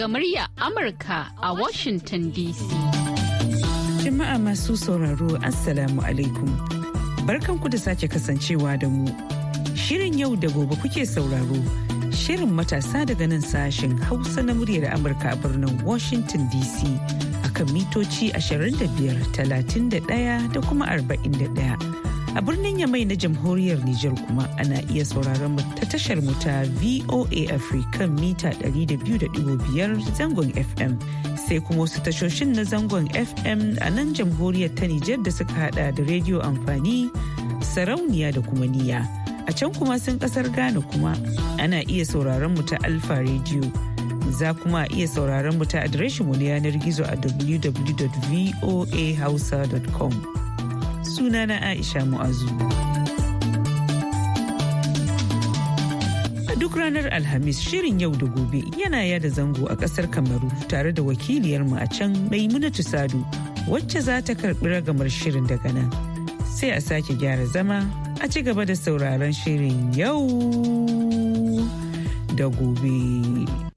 daga murya Amurka a Washington DC. Jama'a masu sauraro Assalamu alaikum. Barkanku da sake kasancewa da mu. Shirin yau da gobe kuke sauraro. Shirin matasa daga nan sashen Hausa na muryar Amurka a birnin Washington DC. a kan mitoci 25, 31 da kuma 41. a birnin yamai na jamhuriyar Nijar kuma ana iya sauraron mu ta tashar mu ta VOA Africa mita 200.5 zangon FM sai kuma wasu tashoshin na zangon FM a nan jamhuriyar ta Nijar da suka hada da rediyo amfani sarauniya da kuma niya a can kuma sun kasar Ghana kuma ana iya sauraron mu ta Alfa rediyo za kuma iya sauraron mu ta adireshin mu na yanar gizo a www.voahausa.com sunana Aisha Mu'azu. A duk ranar alhamis shirin yau da gobe yana yada zango a kasar kamaru tare da wakiliyarmu a can maimunatu sadu wacce za ta karɓi ragamar shirin daga nan sai a sake gyara zama a ci gaba da sauraron shirin yau da gobe.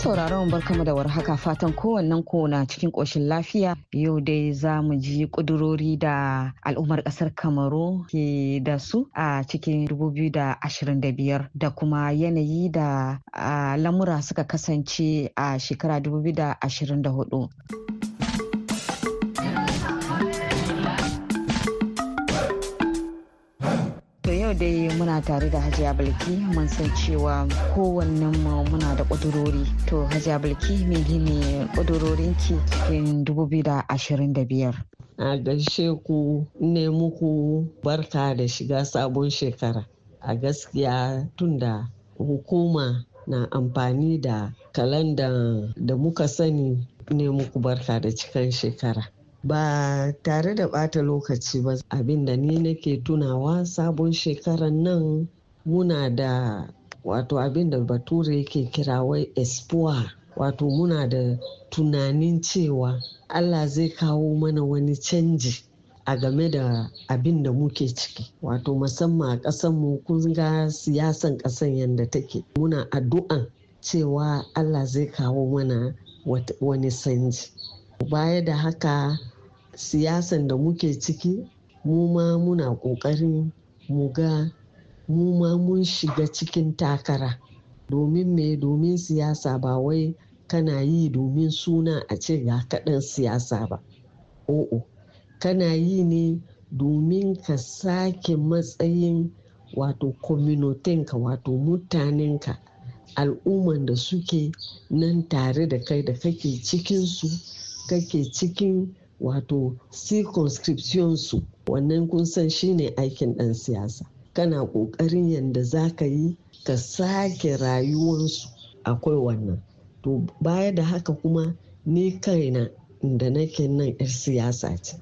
sauraron barkamu da warhaka fatan kowannen kona cikin koshin lafiya yau dai za mu ji kudurori da al'ummar kasar kamaru ke da su a cikin 2025 da kuma yanayi da lamura suka kasance a shekara 2024. dai muna tare da hajiya bilki mun san cewa kowannen mu muna da ƙudurori to hajiya gini kudurorin ki cikin 2025 a gaishe ku ne muku barka da shiga sabon shekara a gaskiya tunda hukuma na amfani da kalandar da muka sani ne muku barka da cikan shekara ba tare da bata lokaci ba abin da ni nake tunawa sabon shekaran nan muna da wato abin da bature yake kira wai espoir wato muna da tunanin cewa allah zai kawo mana wani canji a game da abin da muke ciki wato musamman a mu kun ga siyasan ƙasan yadda take muna addu'an cewa allah zai kawo mana wani canji. baya da haka siyasan da muke ciki mu ma muna kokarin mu ga mu ma mun shiga cikin takara domin me domin siyasa ba wai kana yi domin suna a ce ga kaɗan siyasa ba o'o kana yi ne domin ka sake matsayin wato kominotinka wato mutanenka al'umman da suke nan tare da kai da kake cikinsu kake cikin wato circumscription su wannan kun san shine aikin ɗan siyasa kana ƙoƙarin yadda za ka yi ka sake rayuwansu akwai wannan to baya da haka kuma ni kaina inda nake nan 'yar siyasa ce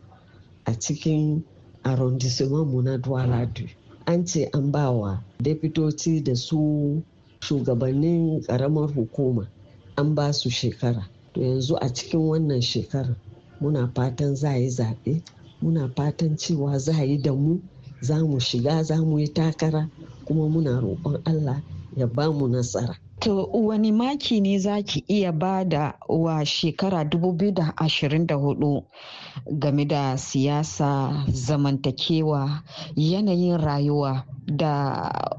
a cikin arrondissement mu na duwaladu an ce an ba wa deputoci da su shugabannin karamar hukuma an ba su shekara to yanzu a cikin wannan shekarar muna fatan za yi zaɓe muna fatan cewa za yi da mu za mu shiga za mu yi takara kuma muna roƙon allah ya ba mu nasara To wani maki ne za ki iya ba da wa shekara 2024 game da siyasa zamantakewa yanayin rayuwa da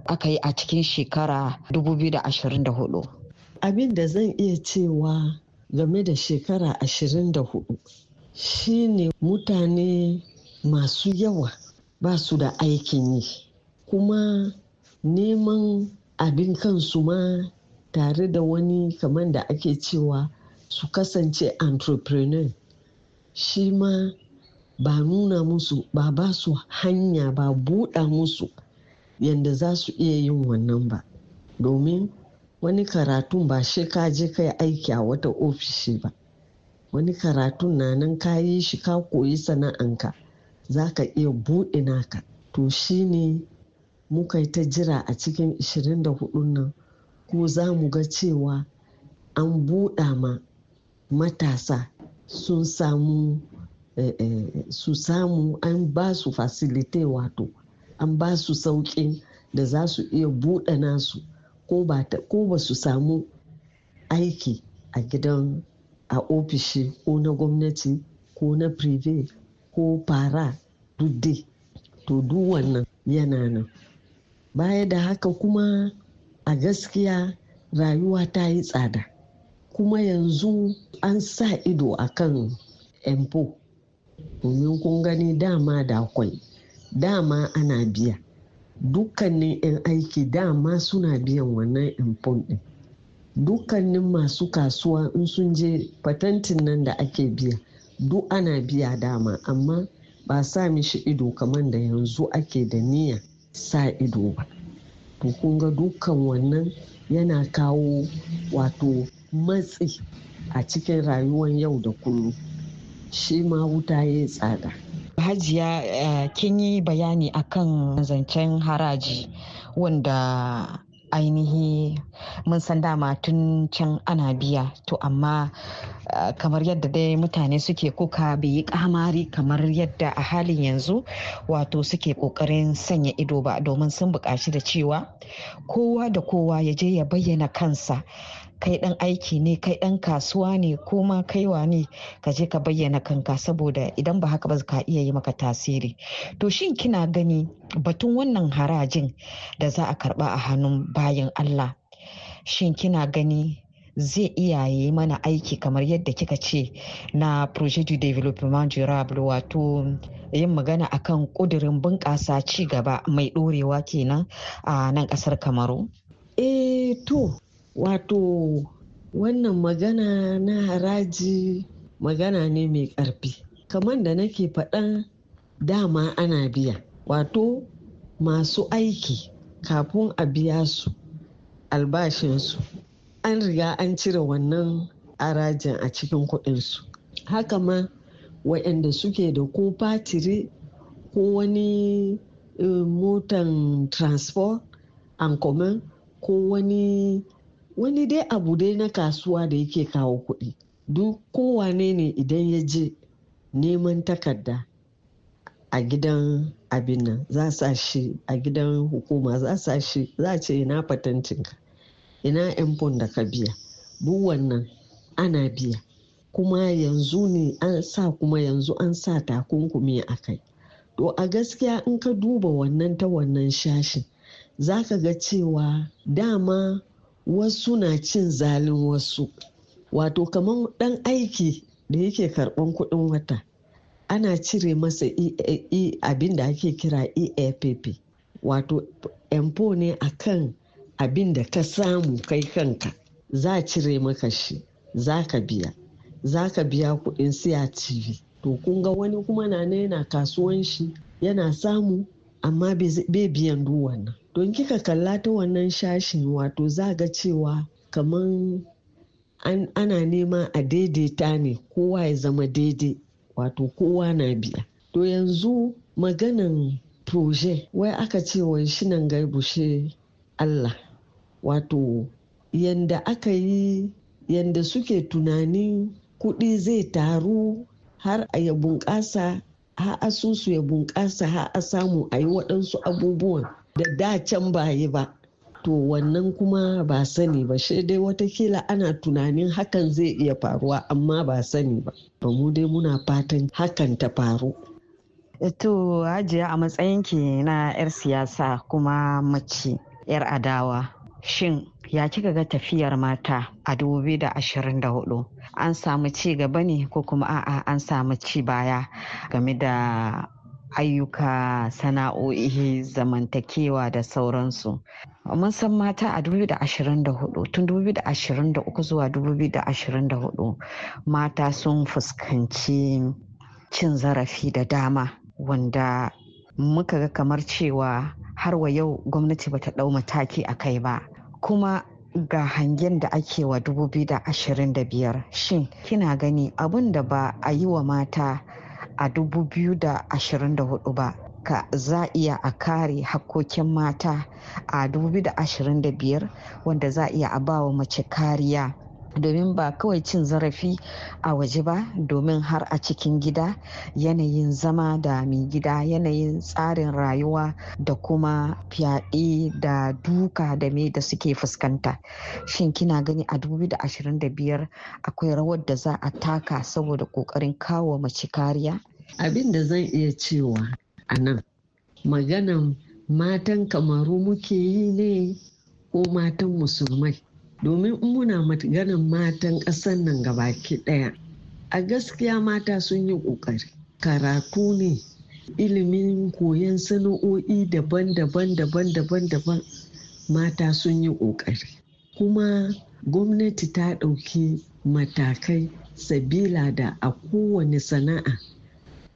aka yi a cikin shekara 2024? Abin da zan iya cewa game da shekara 24 shine mutane masu yawa ba su da aikin yi kuma neman abin kansu ma tare da wani kamar da ake cewa su kasance entrepreneur shi ma ba nuna musu ba ba su hanya ba buɗa musu yadda za su iya yin wannan ba domin wani karatun ba shi ka je kai aiki a wata ofishi ba wani karatun na nan ka yi shi ka koyi sana'anka za ka iya buɗe naka to shi ne muka yi ta jira a cikin 24 nan ko za mu ga cewa an buɗa ma matasa sun samu eh, eh, su samu an ba su fasilite wato an ba su sauƙin da za su iya buɗe nasu ko ba su samu aiki a gidan a ofishi ko na gwamnati ko na prive ko fara dudde to duk wannan yana nan baya da haka kuma a gaskiya rayuwa ta yi tsada kuma yanzu an sa ido a kan empo domin kun gani dama da kwai dama ana biya dukkanin 'yan aiki dama suna biyan wannan impon din dukkanin masu kasuwa in sun je patentin nan da ake biya duk ana biya dama amma ba sa mishi ido kamar da yanzu ake da niyya sa ido ba to kun ga dukkan wannan yana kawo wato matsi a cikin rayuwar yau da kullum shi ma wuta ya tsada Hajiya eh, kin yi bayani akan zancen haraji wanda ainihi mun san dama tun can ana biya to amma eh, kamar yadda dai mutane suke kuka bai yi kamari kamar yadda a halin yanzu wato suke kokarin sanya ido ba domin sun bukaci da cewa kowa da kowa ya je ya bayyana kansa kai dan aiki ne kai dan kasuwa ne ko ma kaiwa ne ka je ka bayyana kanka saboda idan ba haka ba ka iya yi maka tasiri to shin kina gani batun wannan harajin da za a karba a hannun bayan Allah shin kina gani zai iya yi mana aiki kamar yadda kika ce na projet du développement durable wato yin magana akan kudirin bunƙasa ci gaba mai ɗorewa kenan a nan ƙasar kamaru eh to wato wannan magana na haraji magana ne mai ƙarfi kamar da nake faɗan dama ana biya wato masu aiki kafin a biya su albashinsu an riga an cire wannan harajin a cikin kuɗinsu haka ma waɗanda suke da ko fatire ko wani eh, motan transport and common ko wani wani dai abu dai na kasuwa da yake kawo kuɗi duk kowane ne idan ya je neman takarda a gidan abin nan za sa shi a gidan hukuma za sa shi za ce ina fatancinka ina yan da ka biya duk wannan ana biya kuma yanzu ne an sa kuma yanzu an sa takunkumi a kai to a gaskiya in ka duba wannan ta wannan shashin za ka ga cewa dama wasu na cin zalin wasu wato kamar dan aiki da yake karban kuɗin wata ana cire masa e e abin da ake kira eapp wato empo ne akan abin da ka samu kai kanka za a cire maka shi za ka biya za ka biya kuɗin siya tv to kun ga wani kuma na yana kasuwan shi yana samu amma bai biyan duwannan don kika kalla ta wannan shashin wato za ga cewa kamar ana nema a daidaita ne kowa ya zama daidai wato kowa na biya to yanzu maganan proje wai aka ce shi nan gaibushe allah wato yanda aka yi yanda suke tunanin kuɗi zai taru har a ya bunƙasa ha asusu ya bunƙasa ha a samu a yi waɗansu abubuwan da da can ba ba to wannan kuma ba sani ba shi dai watakila ana tunanin hakan zai iya faruwa amma ba sani ba ba mu dai muna fatan hakan ta faru e to hajiya a matsayinki na 'yar siyasa kuma mace 'yar adawa shin ya kika ga tafiyar mata a 2024 an samu ci gaba ne ko kuma a'a an samu ci baya game da ayyuka sana'o'i zamantakewa da sauransu mun san mata a 2024 tun 2023 zuwa 2024 mata sun fuskanci cin zarafi da dama wanda muka ga kamar cewa har wa yau gwamnati bata ɗau mataki a kai ba kuma ga hangen da ake wa 2025 shin kina gani abun da ba a yi wa mata a 2024 ba ka za iya a kare hakkokin mata a 2025 wanda za iya a bawa mace kariya domin ba kawai cin zarafi a waje ba domin har a cikin gida yanayin zama da mai gida yanayin tsarin rayuwa da kuma fyaɗe da duka da me da suke fuskanta shin kina gani a 2025 akwai rawar da za a taka saboda ƙoƙarin kawo mace kariya abin da zan iya cewa a nan maganan matan kamaru muke yi ne ko matan musulmai domin in muna maganan matan ƙasar nan gabaki ɗaya a gaskiya mata sun yi ƙoƙari karatu ne ilimin koyon sana'o'i daban-daban daban-daban daban mata sun yi ƙoƙari kuma gwamnati ta ɗauki matakai sabila da a kowane sana'a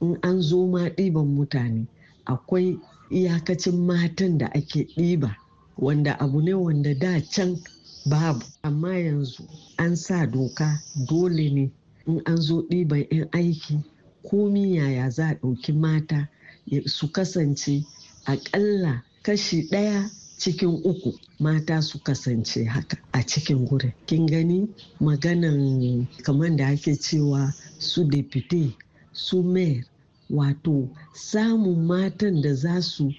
in an zo ma ɗiban mutane akwai iyakacin matan da ake ɗiba wanda abu ne wanda da can babu amma yanzu an sa doka dole ne in an zo ɗiban 'yan aiki komi yaya za a ɗauki mata su kasance aƙalla kashi ɗaya cikin uku mata su kasance haka a cikin gurin kin gani maganan kamar da ake cewa su deputy su mayor wato samun matan da za su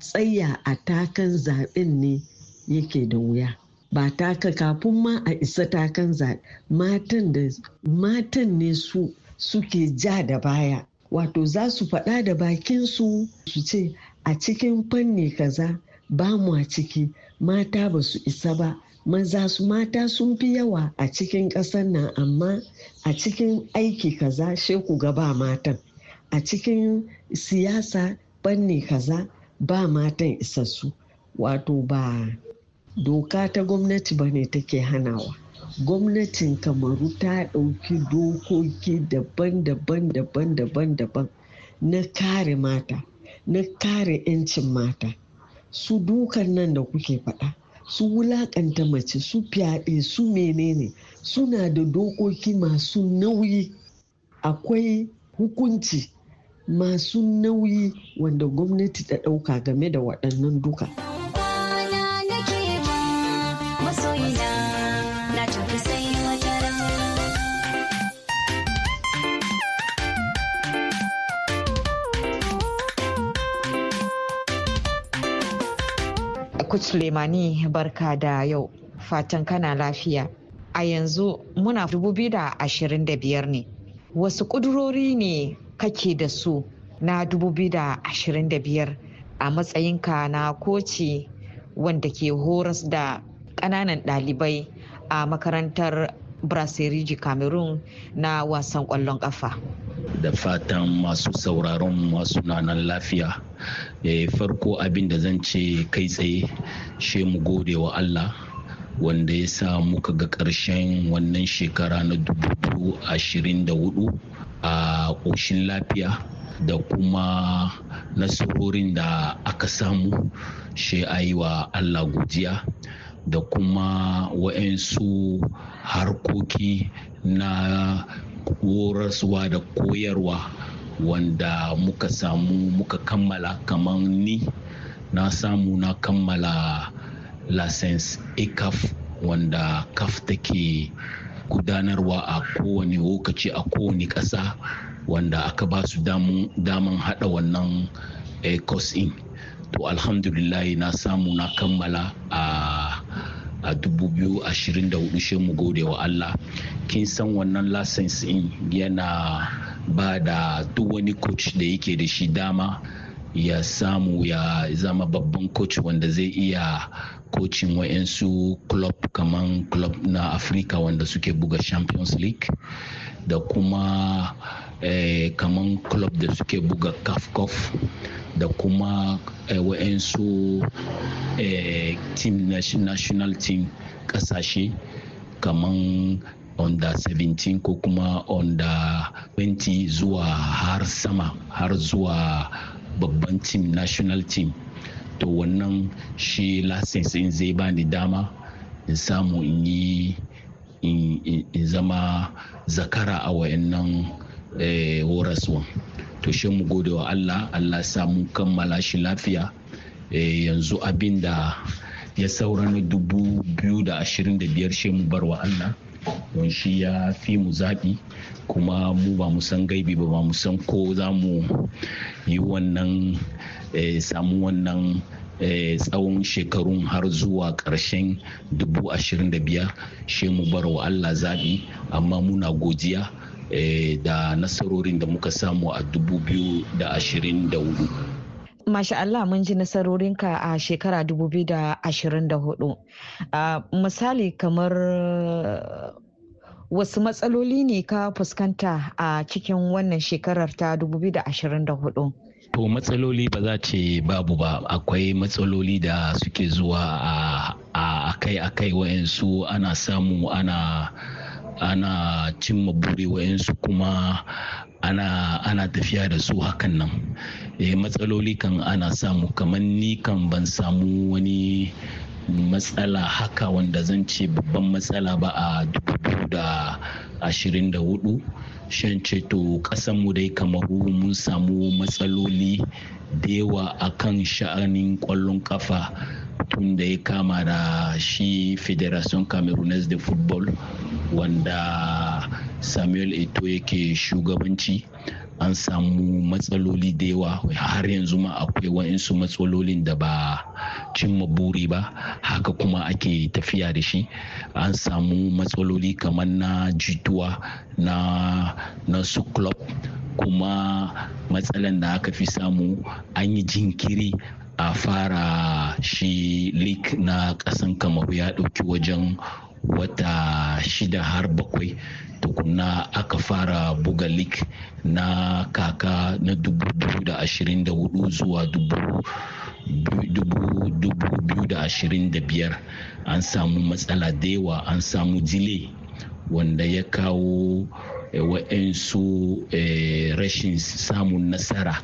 tsaya a takan zaɓen ne yake da wuya ba taka kafin ma a isa takan zaɓe matan da matan ne su suke ja da baya wato za su faɗa da bakinsu su ce a cikin fanni kaza ba mu a ciki mata ba su isa ba maza su mata sun fi yawa a cikin ƙasar nan amma a cikin aiki kaza sheku ga ba matan a cikin siyasa banne kaza ba matan isassu wato ba doka ta gwamnati ba ne take hanawa gwamnatin kamaru ta ɗauki dokoki daban-daban daban-daban daban na kare mata na kare 'yancin mata su dukan nan da kuke faɗa su wulaƙanta mace su fyaɗe su menene suna da dokoki masu nauyi akwai hukunci masu nauyi wanda gwamnati ta ɗauka game da waɗannan duka. Kuch Lemani barka da yau fatan kana lafiya. A yanzu muna 2025 ne. Wasu ƙudurori ne kake da su na 2025 a matsayinka na koci wanda ke horas da ƙananan ɗalibai a makarantar ji cameroon na wasan ƙwallon ƙafa da fatan masu sauraron masu nanan lafiya eh, farko abin da zan ce kai tsaye shi mu gode wa allah wanda ya sa muka ga ƙarshen wannan shekara na 2024 a ƙoshin lafiya da kuma nasarorin da aka samu shi a yi wa allah Gujiya, da kuma wa'yansu harkoki na horaswa da koyarwa wanda muka samu muka kammala kamar ni na samu na kammala license ekaf wanda caf take gudanarwa a kowane lokaci a kowane ƙasa wanda aka ba su daman haɗa wannan eh, course in to alhamdulillahi na samu na kammala a a 2024 shi mu gode wa Allah kin san wannan license in yana ba da duk wani coach da yake da shi dama ya samu ya zama babban coach wanda zai iya kocin wa'yansu club kaman club na afirka wanda suke buga champions league da kuma eh, kaman club da suke buga caf da kuma eh, wa'yansu eh, team national team kasashe kaman onda 17 ko kuma onda 20 zuwa har sama har zuwa babban team national team to wannan shi license in zai bani dama in samu in yi in zama zakara a wayannan eh, horaswan to shi mu gode wa allah allah samu kammala shi lafiya eh, yanzu abinda da ya saura na dubu biyu da ashirin da biyar shi mu bar wa allah don ya fi mu zaɓi kuma mu ba mu san gaibi ba ba mu san ko za mu yi wannan eh, samu wannan eh, tsawon shekarun har zuwa ƙarshen 2025 shi mu bar wa Allah zaɓi amma muna godiya eh, da nasarorin da muka samu a 2024. Masha Allah mun ji nasarorinka a shekara 2024. Ah, misali kamar wasu matsaloli ne ka fuskanta a cikin wannan shekarar ta 2024 To matsaloli ba za ce babu ba akwai matsaloli da suke zuwa a akai-akai wa'yansu ana samu ana ana cimma buri wa'yansu kuma ana ana tafiya da su hakan nan eh, matsaloli kan ana samu kamar ni kan ban samu wani matsala haka wanda zan ce babban matsala ba a 2024 shan ceto kasanmu dai kamaru mun samu matsaloli da yawa a kan sha'anin kwallon kafa tun da ya kama da shi federation camerounese de football wanda samuel eto yake shugabanci an samu matsaloli da yawa har yanzu ma akwai wa'insu matsalolin da ba cimma buri ba haka kuma ake tafiya da shi an samu matsaloli kamar na jituwa na na club kuma matsalan da aka fi samu an yi jinkiri a fara shi leak na kasan kamaru ya ɗauki wajen wata shida har bakwai tukuna aka fara buga lik na kaka na 2024 zuwa 2025 an samu matsala da yawa an samu jile wanda ya kawo eh, waɗansu eh, rashin samun nasara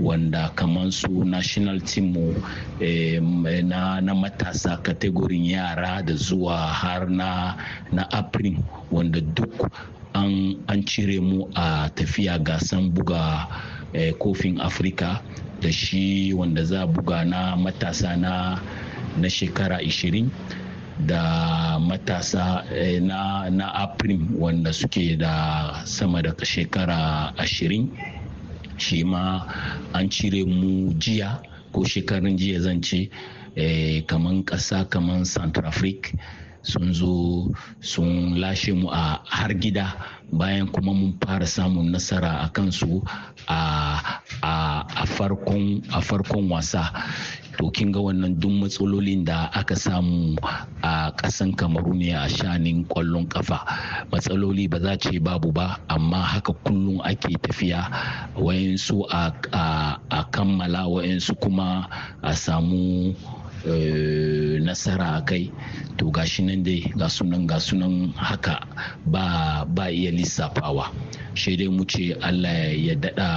wanda kamar su national team mu eh, na, na matasa kategorin yara da zuwa har na na april wanda duk an, an cire mu a tafiya gasan buga eh, kofin afirka da shi wanda za buga na matasa na, shekara 20 da matasa eh, na, na wanda suke da sama da shekara ashirin ce ma an cire mu jiya ko shekarun jiya zan ce eh, kaman ƙasa kaman centrafric sun zo sun lashe mu a har gida bayan kuma mun fara samun nasara a kansu a farkon wasa to kin ga wannan duk matsalolin da aka samu a ƙasan kamaru ne a shanin ƙwallon ƙafa matsaloli ba za ce babu ba amma haka kullum ake tafiya wayansu a kammala wayansu kuma a samu eh, nasara a kai to gashi nan dai ga sunan ga sunan haka ba iya lissafawa shaidai dai mu ce allah ya daɗa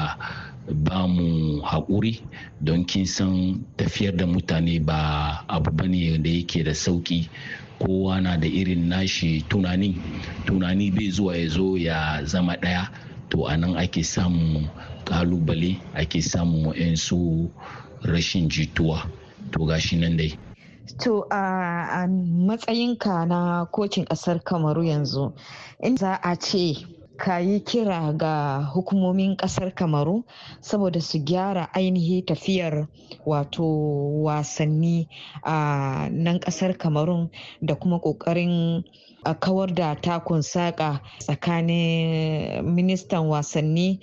ba mu haƙuri don kin san tafiyar da mutane ba abu bane da yake da sauƙi kowa na da irin nashi tunani tunani bai zuwa ya zo ya zama ɗaya to a nan ake samun ƙalubale ake samun wa'ansu rashin jituwa to gashi nan dai To a matsayinka na kocin ƙasar Kamaru yanzu, in za a ce ka kira ga hukumomin kasar kamaru saboda su gyara ainihi tafiyar wato wasanni a ah, nan kasar kamarun da kuma kokarin a kawar da takun saƙa tsakanin ministan wasanni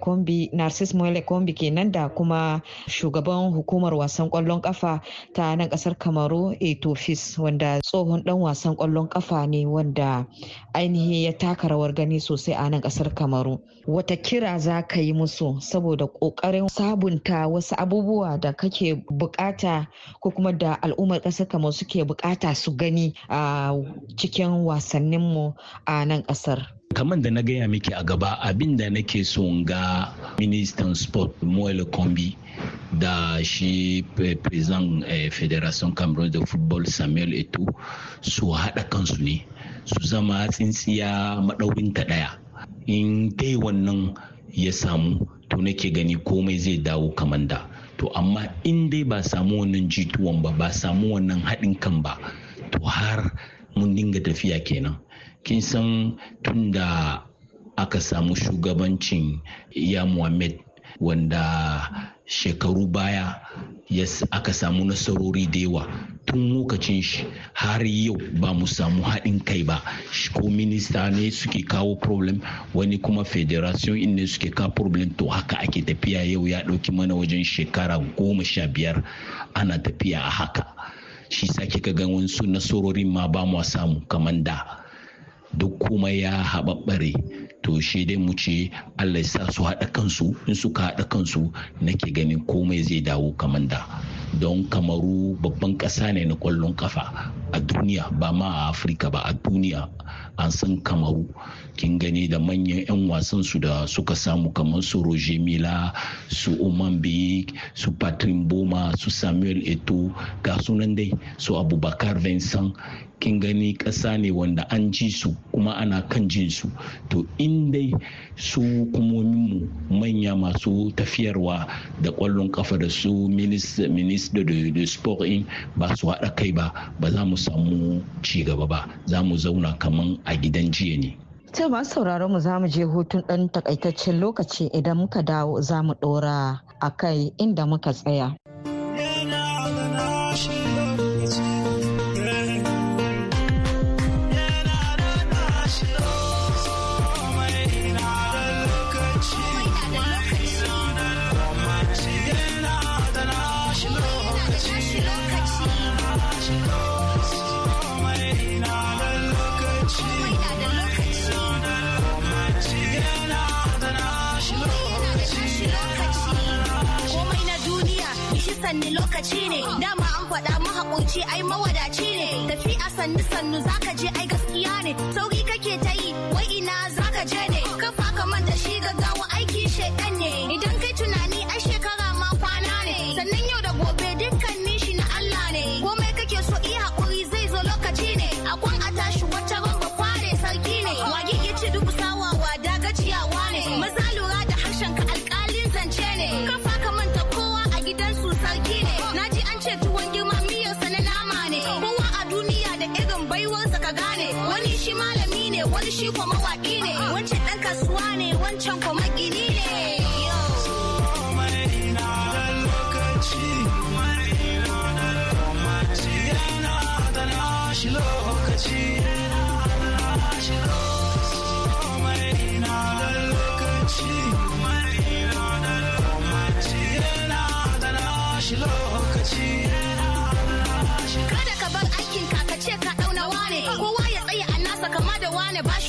Kombi, Narcis Mwele Kombi kenan da kuma shugaban hukumar wasan ƙwallon ƙafa ta nan ƙasar Kamaru Etofis wanda tsohon ɗan wasan ƙwallon ƙafa ne wanda ainihi ya taka rawar gani sosai a nan ƙasar Kamaru. Wata kira za ka yi musu saboda ƙoƙarin sabunta wasu abubuwa da kake bukata ko kuma da al'ummar ƙasar Kamaru suke bukata su gani a cikin wasanninmu a nan ƙasar. kamar da na gaya miki a gaba abin da nake son ga ministan sport moel kombi da shi president eh, federation cameroon da football samuel eto su haɗa kansu ne su zama tsintsiya maɗaurinta ɗaya in dai wannan ya samu to nake gani komai zai dawo kamar da to amma in dai ba samu wannan jituwan ba ba samu wannan haɗin kan ba to har mun dinga tafiya kenan kin san tun da aka samu shugabancin ya muhammed wanda shekaru baya yes, aka samu nasarori da yawa tun lokacin shi har yau ba mu samu haɗin kai ba ko minista ne suke kawo problem wani kuma federation in ne suke kawo problem to haka ake tafiya yau ya ɗauki mana wajen shekara goma sha biyar ana tafiya a haka shi sa kika ga wasu nasarorin ma ba mu samu kamar da duk kuma ya haɓaɓɓare to shi dai mu ce allah ya sa su haɗa kansu in suka haɗa kansu nake ganin komai zai dawo kamar da don kamaru babban ƙasa ne na ƙwallon kafa a duniya ba ma a afirka ba a duniya an san kamaru kin gani da manyan 'yan wasan su da suka samu kamar su roger mila su oman big, su patrick boma su samuel eto ga sunan dai su abubakar vincent kin gani ƙasa ne wanda an ji su kuma ana kan jin su to in dai su hukumominmu manya masu tafiyarwa da kwallon kafa da su minista da sport in ba su haɗa kai ba ba za mu samu ci gaba ba za mu zauna kamar a gidan jiya ne ta masu sauraron mu za mu je hutun ɗan takaitaccen lokaci idan muka dawo za mu ɗora a kai inda muka tsaya. Mama like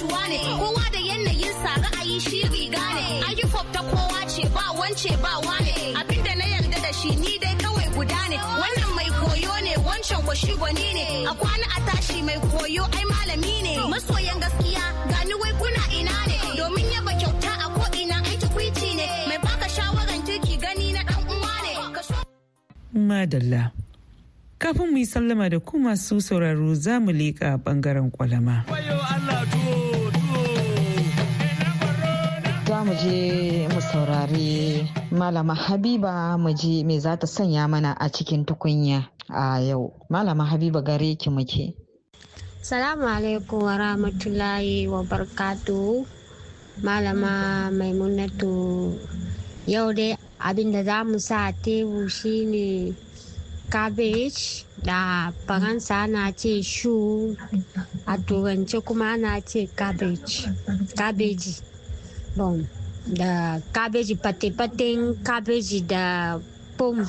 ne kowa da yanayin sa ra'ayi shi riga ne ayyukan ta kowa ce ba wance ba wane abinda na yarda da shi ni dai kawai guda ne wannan mai koyo ne wancan ko gwani ne a kwana a tashi mai koyo ai malami ne masoyan gaskiya gani wai kuna ina ne domin yaba kyauta a ko ina ai tukwici ne mai baka shawaran kirki gani na dan uwa ne madalla kafin mu yi sallama da ku masu sauraro za mu leƙa ɓangaren kwalama. mu je mu saurari malama habiba mu je me za ta sanya mana a cikin tukunya a yau malama habiba gare ki muke salamu alaikum wa rahmatullahi wa barkatu malama maimunatu yau dai abinda za mu sa tebu shine cabbage da faransa na ce shu a turance kuma na ce cabbage cabbage bon da kabeji fate kabeji da pom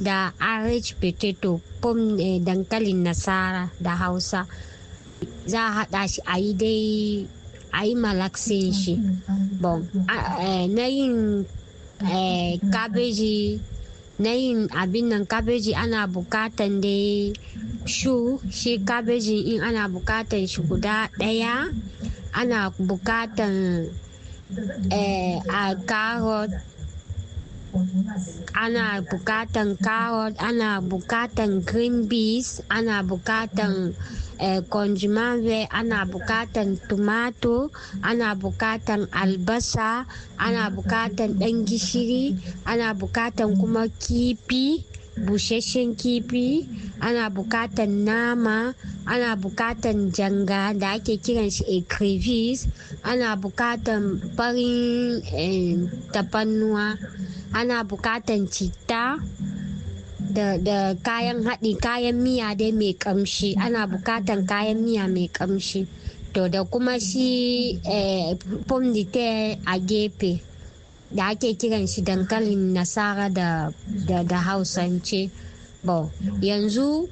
da rh potato pom eh, dankalin nasara da hausa za a haɗa shi a yi dai a yi malaxin shi bon eh, na yin kabeji eh, na yin abin nan kabeji ana bukatan dai shu shi kabeji in ana bukatan shi guda ɗaya ana bukatan eh, a carro. ana bukatan carrot ana bukatan green beans ana bukatan eh, ana bukatan tomato ana bukatan albasa ana bukatan ɗan gishiri ana bukatan kuma kifi busasshen kifi ana bukatan nama ana bukatan janga da ake kiran shi ecrivis ana bukatan farin eh, tafannuwa ana bukatan cita da, kayan haɗi kayan miya dai mai kamshi ana bukatan kayan miya mai kamshi to da kuma shi eh, a gefe da ake kiran shi dankalin nasara da da hausance yanzu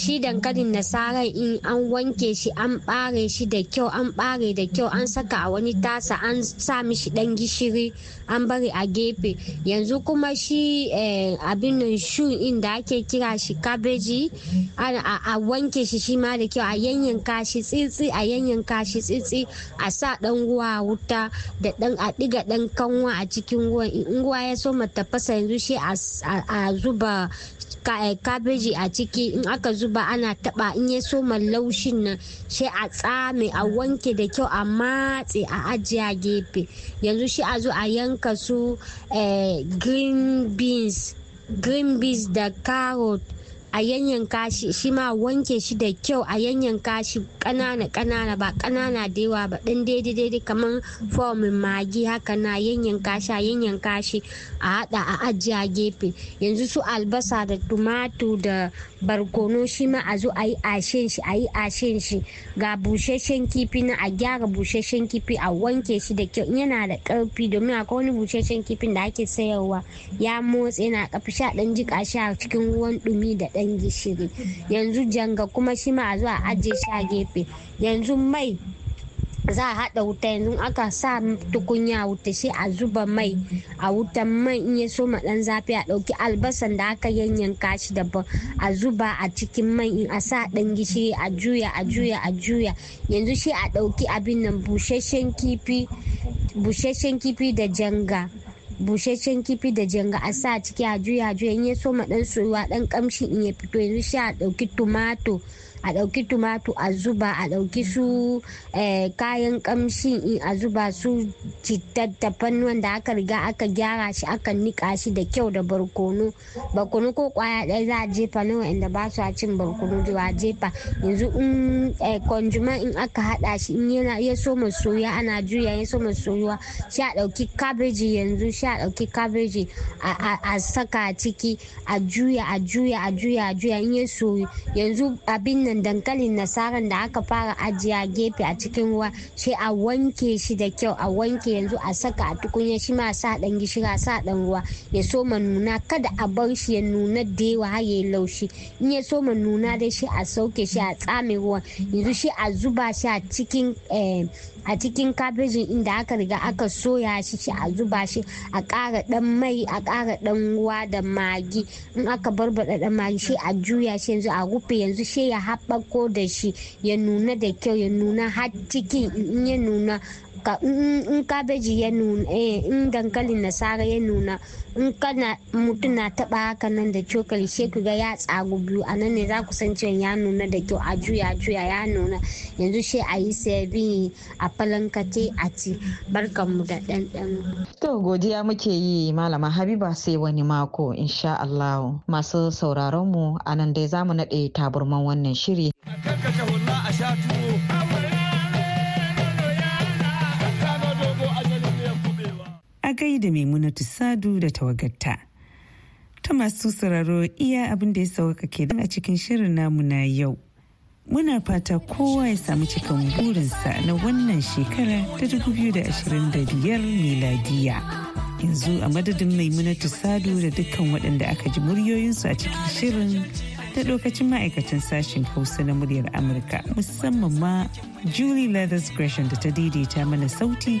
shi dankalin nasara in an wanke shi an bare shi da kyau an bare da kyau an saka a wani tasa an sa mishi dan gishiri an bari a gefe yanzu kuma shi eh, abin nan shun in da ake kira shi kabeji a wanke shi shi ma da kyau a yanyanka shi tsitsi a yanyanka shi tsitsi a sa dan ruwa a wuta da dan a diga dan kanwa a cikin ruwa in ruwa ya so tafasa yanzu shi a zuba kabeji eh, a ciki in aka zuba ana taba in ya so laushin nan sai a tsame a wanke da kyau a matse a ajiya gefe yanzu shi a zo a yanka su eh, green beans green beans da carrot a yanyanka shi shi ma wanke shi da kyau a yanyanka shi kanana kanana ba kanana da yawa ba dan daidai daidai kamar fomin magi haka na yanyanka shi a yanyanka shi a hada a ajiye a gefe yanzu su albasa da tumatu da barkono shi ma a zo a yi ashen shi a yi ashen shi ga busasshen kifi na a gyara busasshen kifi a wanke shi da kyau yana da karfi domin akwai wani busasshen kifin da ake sayarwa ya motsa yana kafi sha dan jika shi a cikin ruwan dumi da dan gishiri yanzu janga kuma shi ma a zuwa ajiye shi a gefe yanzu mai za a haɗa wuta yanzu aka sa tukunya wuta shi a zuba mai a wutan mai in ya so ɗan zafi a ɗauki albasan da aka yanyanka shi daban a zuba a cikin mai in a sa ɗan gishiri a juya a juya a juya yanzu shi a ɗauki abin nan busasshen kifi da janga busasshen kifi da janga a sa ciki a juya juya in ya so ma dan soyuwa dan kamshi in ya fito yanzu sha dauki tumato a ɗauki tumatu a zuba a ɗauki su eh, kayan ƙamshi a zuba su cittattafan wanda aka riga aka gyara shi aka nika shi da kyau da barkono barkono ko kwaya ɗaya za a jefa na wa'anda ba su cin barkono zuwa jefa yanzu in konjuma eh, in aka haɗa shi in yana ya so soya ana juya ya so soyuwa shi a ɗauki kabeji yanzu shi a ɗauki kabeji a saka ciki a juya a juya a juya a juya in ya soyu yanzu abin wannan dankalin nasaran da aka fara ajiya gefe a cikin ruwa sai a wanke shi da kyau a wanke yanzu a saka a tukunya shi ma sa dan gishiri sa dan ruwa ya soma nuna kada a bar shi ya nuna da yawa har ya laushi in ya soma nuna dai shi a sauke shi a tsame ruwa yanzu shi a zuba shi a cikin eh, a cikin kabejin inda aka riga aka soya shi shi a zuba shi a ƙara dan mai a ƙara dan ruwa da magi in aka barbada dan magi shi a juya shi yanzu a rufe yanzu shi ya ɓako da shi ya nuna da kyau ya nuna har cikin in ya nuna in kabeji ya nuna eh, in dankalin nasara ya nuna in kana mutum na taba haka nan da cokali sai ku ga ya tsago biyu a nan ne za ku san cewa ya nuna da kyau a juya juya ya nuna yanzu sai a yi sabi a falankate a ci barkan mu da ɗanɗano. to godiya muke yi malama habiba sai wani mako insha Allah masu sauraron mu a nan dai zamu naɗe taburman wannan shiri. gai da Maimunatu Sadu da tawagarta. Ta masu sauraro iya abin da ya sauka ke a cikin shirin namu na yau. Muna fata kowa ya samu cikin burinsa na wannan shekara ta 2025 miladiya. yanzu a madadin maimunatu sadu da dukkan waɗanda aka ji muryoyinsu a cikin shirin da lokacin ma'aikacin sashen hausa na muryar amurka musamman ma julie leathers gresham da ta daidaita mana sauti